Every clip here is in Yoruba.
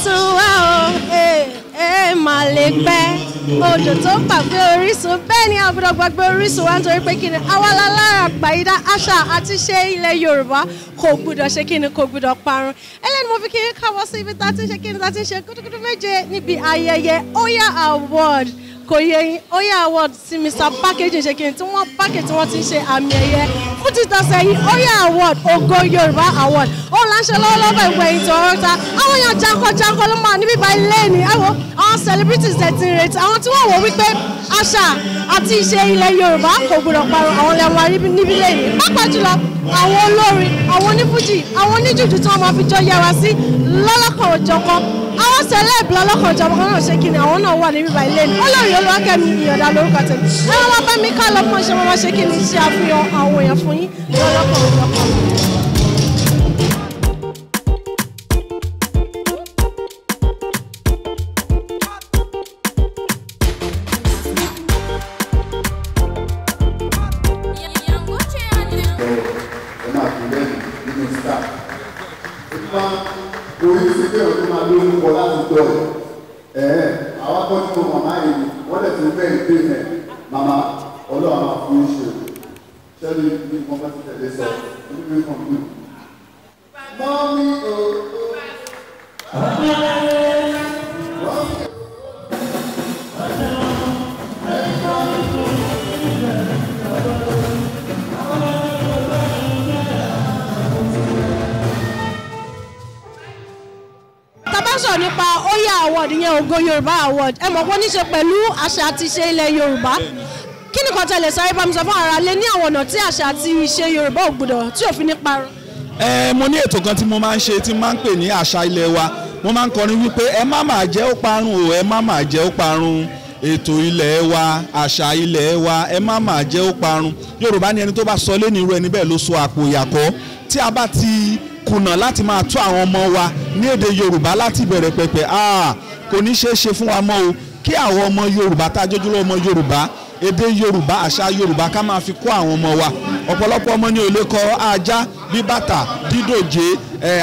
orísun wa o ẹ mà lè pẹ́ odò tó ń pàgbé orísun bẹ́ẹ̀ ni àbúrò gbàgbé orísun wa nítorí pé kíni awala lára àgbàyídá àṣà àti ṣe ilẹ̀ Yorùbá kò gbúdọ̀ ṣe kíni kò gbúdọ̀ parun ẹlẹ́ni mo fi kíni káwọ́ sí ibi tá a ti ń ṣe kíni tá a ti ṣe gúdúgúdú méje níbi ayẹyẹ Oya Award kò yẹ yín award sí Mr Package ìṣèkìrì tí wọ́n package tí wọ́n ti ń ṣe àmì ẹ̀yẹ fún títọ́sẹ̀ yìí Oya award ògo Yorùbá award òun là ń ṣe lọ́wọ́lọ́wọ́ ìwé ìtọ́ ọ̀tá àwọn èèyàn jankọ-jankọ ló máa níbí báyìí lẹ́ẹ̀ni àwọn celebrities ẹ̀ ti ń retí àwọn tí wọ́n wò wípé àṣà àti ìṣe ilẹ̀ Yorùbá kò gbọdọ̀ parun àwọn ilẹ̀ wa níbí lẹ́yìn pápá jùlọ àwọn olórin àwọn onífújì àwọn oníjùjú tí wọ́n máa fi jọ yára sí lọ́lọ́kan òjọ̀kan àwọn sẹlẹ̀bì lọ́lọ́kan òjọ̀kan náà ṣe kíni àwọn náà wà níbí báyìí lẹ́nu olórin Olúwakẹ́mi Ìyàndá lórúkọ tẹ̀lé ẹ wọ́n bá mi ká lọ́pọ̀ ṣe wọ́n máa ṣe kíni ṣe àfihàn àwọn èèyàn fún yín lọ́lọ́kan òjọ̀kan. kò ní sí pé òun máa bọ láti tọ́ ẹ̀ ẹ̀ àwọn akọ́jú mọ màmá yìí ni wọ́n lè tún bẹ́ẹ̀ gbé mẹ́ màmá ọlọ́run máa fún ṣe ṣẹ́ni ní nǹkan bá ti tẹ̀lé sọ onímọ̀ nǹkan mú. mọ́mí o. award yẹn ògo yorùbá award ẹ mọ̀ pé ó ní ṣe pẹ̀lú àṣà àti ìṣe ilẹ̀ yorùbá kí nìkan tẹ̀lé sáré bá sọ fún ara lé ní àwọn ọ̀nà tí àṣà àti ìṣe yorùbá ò tí òfin ní parun. ẹ mo ní ètò kan tí mo máa ń ṣe tí mo máa ń pè ní àṣà ilé wa mo máa ń kọrin wípé ẹ má máa jẹ́ ó parun o ẹ má máa jẹ́ ó parun ètò ilẹ̀ wa àṣà ilẹ̀ wa ẹ má máa jẹ́ ó parun yorùbá ni ẹni tó bá sọ lé kùnà láti máa tọ́ àwọn ọmọ wa ní èdè Yorùbá láti bẹ̀rẹ̀ pẹ̀pẹ̀ kò ní ṣeé ṣe fún wa mọ́ o kí àwọn ọmọ Yorùbá tá a jójúlọ ọmọ Yorùbá èdè Yorùbá àṣà Yorùbá ká máa fi kọ́ àwọn ọmọ wa ọ̀pọ̀lọpọ̀ ọmọ ní òlé kọ ajá bíbàtà dídòjé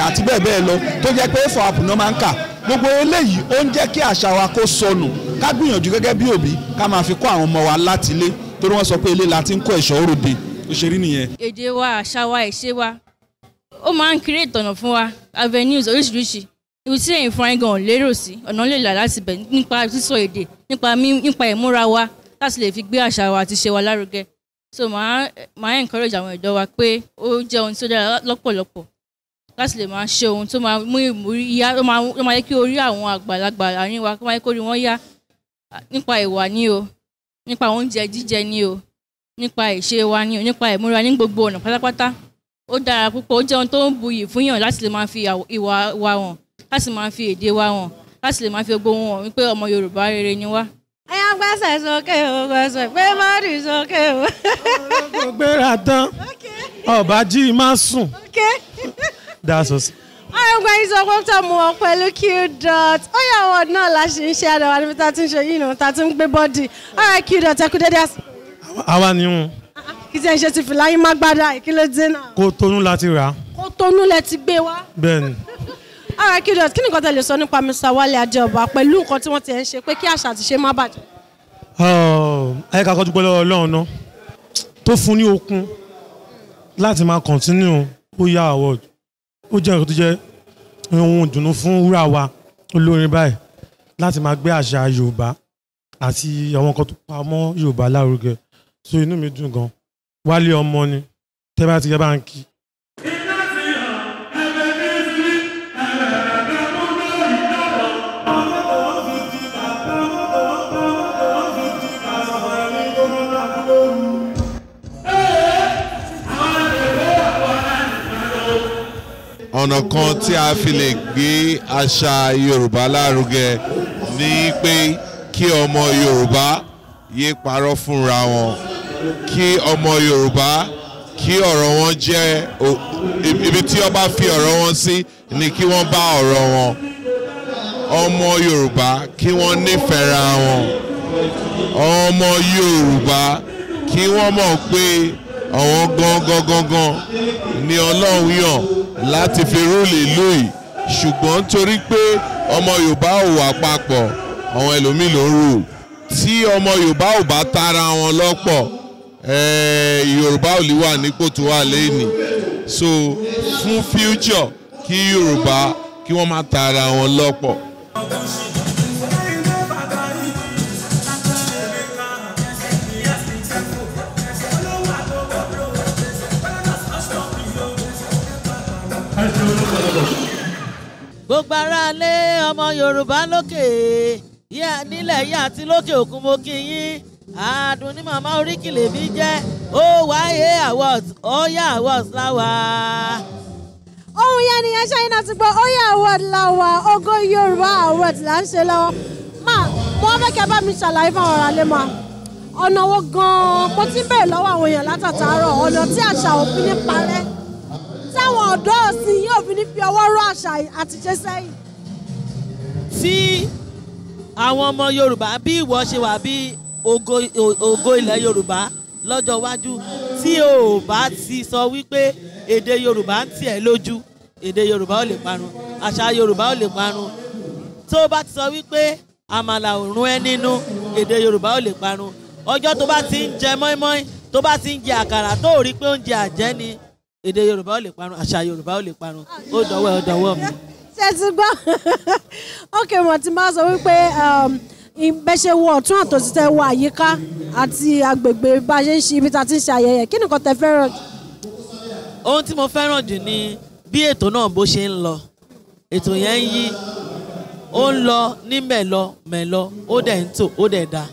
àti bẹ́ẹ̀ bẹ́ẹ̀ lọ tó jẹ́ pé fọ àpùnà máa ń kà gbogbo eléyìí ó ń jẹ́ kí àṣà wa kó sọnù ká gbìyànjú gẹ́gẹ́ bí òbí ká máa fi kọ́ àwọn ọmọ wa láti ilé torí wọ́n sọ pé ilé la ti ń kó ẹ̀ṣọ́ òròde òṣèré nìyẹn. èdè wa àṣà wa ìṣe wa ó máa ń create ọ̀nà fún wa avenues oríṣiríṣi ibi tí èyí fúnra gan lérò sí ọ̀nà lè là láti bẹ̀ nípa sísọ èdè nípa nípa ìmúra wa láti lè fi gbé àṣà wa àti ṣe wa lárugẹ so màá màá encourage àwọn ọ̀dọ́ wa pé ó jẹ́ ohun tó dára lọ́pọ̀lọpọ̀ láti lè máa ṣe ohun tó máa mú ìmúrí yá ó máa yẹ kí orí àwọn àgbàlagbà àárín wa kó máa yẹ kó rí wọn yá nípa ìwà ni o nípa oúnjẹ jíjẹ ni o nípa ìṣe wa ni o nípa ìmúra ní gbogbo ọ̀nà pátápátá ó dára púpọ̀ ó jẹ́ ohun tó ń buyì fún láti lè máa fi ìwà wa hàn láti máa fi èdè wa hàn láti lè máa fi gbogbo wọn wípé ọmọ Yorùbá rere ni wá. ẹyà gbèsè sókè o gbèsè pé má sókè o. ológun gbéra tán ọba jí má sùn. dáṣọ sí. tó mú ọ pẹ̀lú q dot ó yà wọ̀ náà la ṣe ń ṣe àdàwà níbi tá a ti ń ṣe yìí nù tá a ti ń gbé bọ́ọ̀dì ọ̀rọ̀ q dot ẹ kú dédé àsìkò. àwa ni wọn kí tí ẹ ṣe ti fìlà yín má gbádà kí ló dé náà. Kótónú la ti rà. Kótónú lẹ ti gbé wá. bẹ́ẹ̀ni. ara kí ni kí ni nǹkan tẹ lè sọ nípa Mr. Wálé Adéọba pẹ̀lú nǹkan tí wọ́n ti ẹ̀ ń ṣe pé kí àṣà àti ṣe má bàjẹ́. Oh, ẹ kà kọ́jú pẹ́lú Ọlọ́run náà tó fún ní okun láti máa kọ̀ntínú ó yá award ó jẹ́ nǹkan tó jẹ́ ohun ìdùnnú fún wúrà wa olórin báyìí láti máa gbé àṣà Yorùbá àti àwọn nǹkan tó pa mọ́ Yorùbá lárugẹ so inú mi dùn gan wálé ọmọ ni tẹ́ bá ti yẹ bá ń kí. ọ̀nà kan tí a fi lè gbé àṣà Yorùbá lárugẹ ni pé kí ọmọ Yorùbá yéé parọ́ fúnra wọn kí ọmọ Yorùbá kí ọ̀rọ̀ wọn jẹ́ ibi tí ọba fi ọ̀rọ̀ wọn sí ni kí wọ́n bá ọ̀rọ̀ wọn ọmọ Yorùbá kí wọ́n nífẹ̀ẹ́ra wọn ọmọ Yorùbá kí wọ́n mọ̀ pé àwọn gangan gangan ni Ọlọ́run yàn láti fi rúlè lóyè ṣùgbọ́n torí pé ọmọ Yorùbá ò wà papọ̀ àwọn ẹlòmíì ló ń rò tí ọmọ Yorùbá ò bá tara wọn lọ́pọ̀ Eh, Yorùbá ò lè wà nípò tó wà lẹ́yìn so fún future kí Yorùbá kí wọ́n má ta ara wọn lọ́pọ̀. gbogbo aráalé ọmọ Yorùbá lókè nílẹ̀ yìí àti lókè òkun mo kí yín àdùn ní màmá oríkìlè mi jẹ́ ó wáyé awards Oya awards láwa. ohun yẹn nìyẹn ṣáínà ti gbọ́ Oya award láwa Ògo Yorùbá award là ń ṣe lọ́wọ́ máa mo fẹ́ kẹ́ bá mi ṣàlàyé fún àwọn ọ̀rẹ́ máa ọ̀nà wo gan-an mo ti ń bèrè lọ́wọ́ àwọn èèyàn látàtàárọ̀ ọ̀nà tí àṣà òfin ní parẹ́ táwọn ọ̀dọ́ ọ̀sìn yóò fi ní fi ọwọ́ rọ àṣà àtijọ́ sẹ́yìn. tí àwọn ọmọ Yorùbá bí ìwọ ṣe wà bí ògo ilẹ̀ yorùbá lọ́jọ́ iwájú tí o bá ti sọ wípé èdè yorùbá ń tiẹ̀ lójú èdè yorùbá ò lè parun àṣà yorùbá ò lè parun tó bá ti sọ wípé àmàlà ò rún ẹ nínú èdè yorùbá ò lè parun ọjọ́ tó bá ti ń jẹ mọ́ínmọ́ín tó bá ti ń jẹ àkàrà tó rí pé oúnjẹ àjẹ́ ni èdè yorùbá ò lè parun àṣà yorùbá ò lè parun ó dọwọ́ ẹ ó dọwọ́ mi. ṣe ti gbọ́ ókè mọ̀ tí máa sọ wípé. Um, ìbẹ́ṣe wo ọ̀tún àtòsí tẹ wo àyíká àti agbègbè bá a ṣe ń ṣe ibi tá a ti ń ṣe ayẹyẹ kí nìkan tẹ fẹ́ràn. ohun tí mo fẹ́ràn jù ni bí ètò náà bó ṣe ń lọ ètò yẹn ń yí ó ń lọ ní mẹ̀lọ mẹ̀lọ ó dẹ̀ ń tò ó dẹ̀ dáa.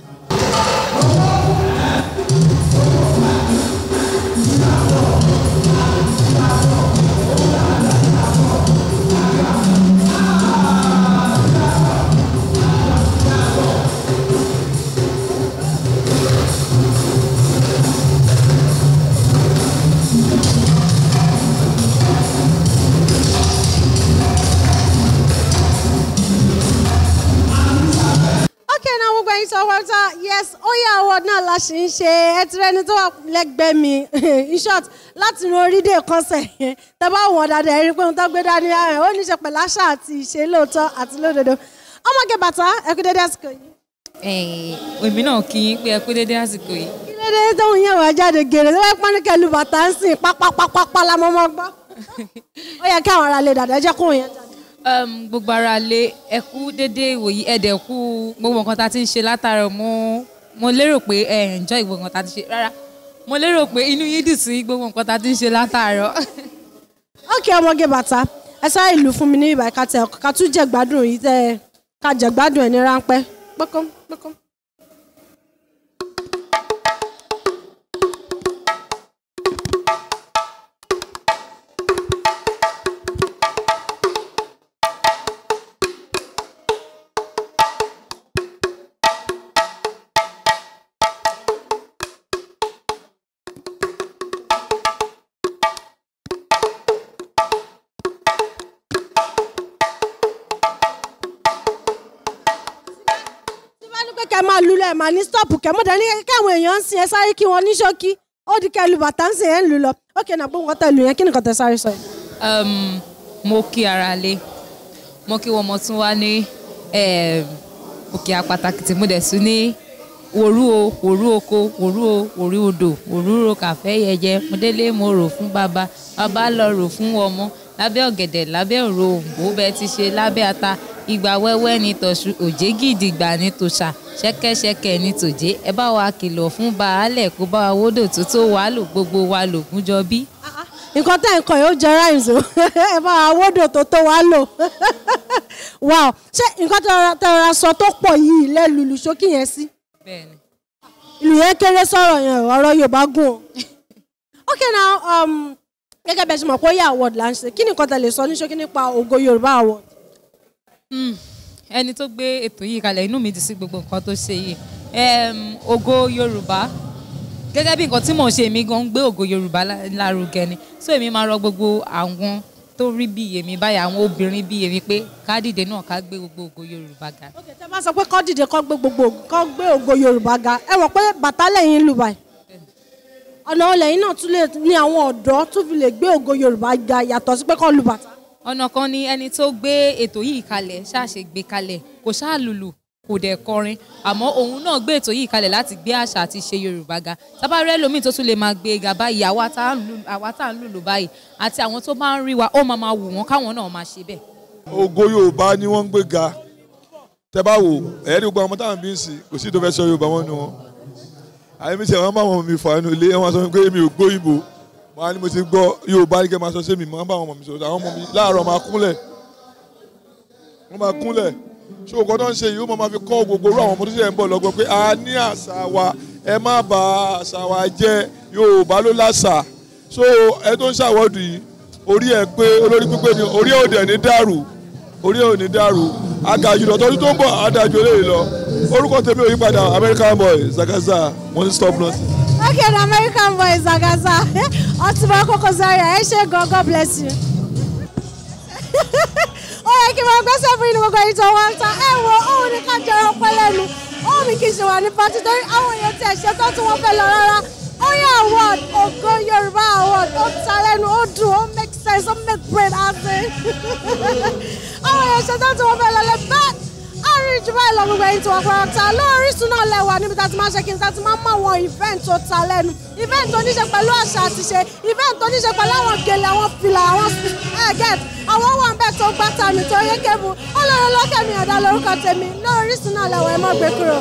ṣe ẹtìrẹni tó wà lẹ́gbẹ̀ẹ́ mi in short láti ran orí dé kọsẹ̀ yẹn tẹ bá wọn dáadáa ẹ rí i pé ohun tó gbé dání ẹ ó ní pẹ̀lú àṣà àti ìṣe lóòótọ́ àti lódodo ọmọge bàtà ẹ àsìkò yìí. èmi náà kì í pé ẹ àsìkò yìí. kí ló tóun yẹn wà jáde gèrè tó bá pọ́n ní bàtà ń sìn pápápápá la mọ́ mọ́ gbọ́. ó yẹ kí àwọn ará lè dàdá jẹ́ gbogbo ara lé ẹkú dédé ìwòyí ẹdẹkú gbogbo nǹkan tá a ti ń ṣe látara mú mo lérò pé ẹ enjoy gbogbo nǹkan tá a ti ṣe rárá mo lérò pé inú yín dùn sí gbogbo nǹkan tá a ti ń ṣe látàárọ̀. ókè ọmọge bàtà ẹ sáré ìlú fún mi ní ìbàkátẹ ọkọ ká tún jẹ gbádùn yìí tẹ ká jẹ gbádùn ẹ ní ráńpẹ́ pẹkọm pẹkọm. ẹ̀ mà ní stop kẹ́ mọ́ dání káwọn èèyàn ń sin ẹ sáré kí wọ́n ní ṣókí ó di kẹlu bàtà ń sin ẹ̀ ń lù lọ ok náà gbogbo nǹkan tẹ lù yẹn kí nìkan tẹ sáré sọ yìí. Um, mo kí ara lé mo kí wọn mo tún wá ní um, òkè apàtàkì tí mo dẹ̀ tún ní wòrú o wòrú oko wòrú o wòrú odò wòrú ro kàfẹ́ yẹjẹ mo délé mo rò fún bàbá bàbá lọ rò fún ọmọ lábẹ́ ọ̀gẹ̀dẹ̀ lábẹ́ òro òǹbó bẹ́ẹ̀ ti ṣe lábẹ́ ata ìgbà wẹ́wẹ́ ni tọ̀ṣù òjé gidi gbà ní tòṣà ṣẹ́kẹ́ṣẹkẹ̀ ní tòjé ẹ bá wa kìlọ̀ fún baálẹ̀ kó bá wa wódò tó tó wà lò gbogbo wa lògùn jọ bí. nǹkan tá nǹkan yóò jẹ rhymes o ẹ bá wa wódò tó tó wà lò wow ṣé nǹkan tẹ̀ra sọ tó pọ̀ yìí lulu ṣókí yẹn sí. bẹ́ẹ̀ni. ìlú yẹn kéré sọ̀rọ̀ yẹn ọ̀rọ̀ Yorùbá gùn o. okay now um, gẹ́gẹ́ bẹ́ẹ̀ ṣe mọ̀ pé ó yẹ award là ń ṣe kí ni nǹkan tẹ̀ lè sọ ní ṣókí nípa ògo Yorùbá award. Mm. ẹni tó gbé ètò yìí kalẹ̀ inú mi dì sí gbogbo nǹkan tó ṣe yìí ògo yorùbá gẹ́gẹ́ bí nǹkan tí mò ń ṣe èmi gan ń gbé ògo yorùbá lárugẹ ni so èmi máa rọ gbogbo àwọn tó rí bí èmi báyìí àwọn obìnrin bí èmi pé ká dìde náà ká gbé gbogbo ògo yorùbá ga. ok tẹ bá sọ pé kọ́ dìde kọ́ gbé gbogbo kọ́ gbé ògo yorùbá ga ẹ wọ pé bàtà lẹ́yìn lù báyìí ọ̀nà ọ̀lẹ́yìn náà tún lè ní àwọn ọ̀dọ́ tún fi lè gbé ògo yorùbá ga yàtọ̀ sí pé kọ́ lù bàtà ọ̀nà kan ni ẹni tó gbé ètò yìí kalẹ̀ ṣáàṣe gbé kalẹ̀ kò ṣáàlùlù kò dẹ̀ kọrin àmọ́ òun náà gbé ètò yìí kalẹ̀ láti gbé àṣà àti ṣe Yorùbá ga tábàárẹ̀ lómi tó tún lè máa gbé ga báyìí àwa tá à ń lùlù báyìí àti àwọn tó bá ń rí wa ó máa máa wù wọ́n káwọn náà máa ṣe bẹ́ẹ̀. ògo Yorùbá ni wọ́n ń gbé ga tẹ bá wò ẹ̀yẹ́ ní gbogbo àwọn táwọn bí ń sìn kò sí wàá ní mo ti gbọ́ Yorùbá ní kẹ́ máa sọ sí mi máa bá àwọn ọmọ mi sọ̀rọ̀ àwọn ọmọ mi láàárọ̀ máa kúnlẹ̀ wọ́n máa kúnlẹ̀ ṣé òkò tó ń ṣe yìí ó máa fi kọ́ gbogbo orú àwọn ọmọ tó ṣe ń bọ̀ lọ́gbọ́ pé a ní àṣà wa ẹ má bà àṣà wa jẹ́ Yorùbá ló láṣà so ẹ tó ń ṣàwọ́dù yìí orí ẹ pé olórí pípé ni orí ẹ ò dẹ̀ ní dàrú orí ẹ ò ní dàrú agàjùlọ tọdún tó ń bọ̀ adájọ́ lè lọ orúkọ tèmi ò yípadà American boy Zakaza one stop nonsense. Okay, the American boys, Agaza. Otiba Kokozaria, say God, God bless you. Ó yẹ kí wọ́n gbẹ́sẹ̀ fún inú gbogbo ìtàn wọn ta ẹ wo òun ní ká jẹun ọpẹ lẹ́nu òun ní kì í ṣe wà ní pátí torí àwọn èèyàn ti ẹ̀ṣẹ̀ tó tí wọ́n fẹ́ lọ rárá Oya Oh, Ògo Yorùbá award ó ta lẹ́nu ó dùn ó make sense Oh, make brain happy àwọn èèyàn ṣe tó tí wọ́n fẹ́ lọ lẹ́ bẹ́ẹ̀ àrùn ìjùmọ̀ ìlọ gbogbo ìtàn wọn ta lórí Orísun náà wa níbi tá a ti máa ṣe kí n tá a ti máa mọ àwọn event tó ta lẹ́nu event tó níṣe pẹ̀lú àṣà àtiṣe event tó níṣe pẹ̀lú àwọn gèlè àwọn fìlà àwọn ẹ̀gẹ́t eh, àwọn wà ń bẹ̀ tó gbá ta tó yé kébù ọlọ́run lọ́kẹ́ ọ̀dà lórúkọ tèmi lórí Orísun náà ẹ̀ mọ́ gbé kúrò.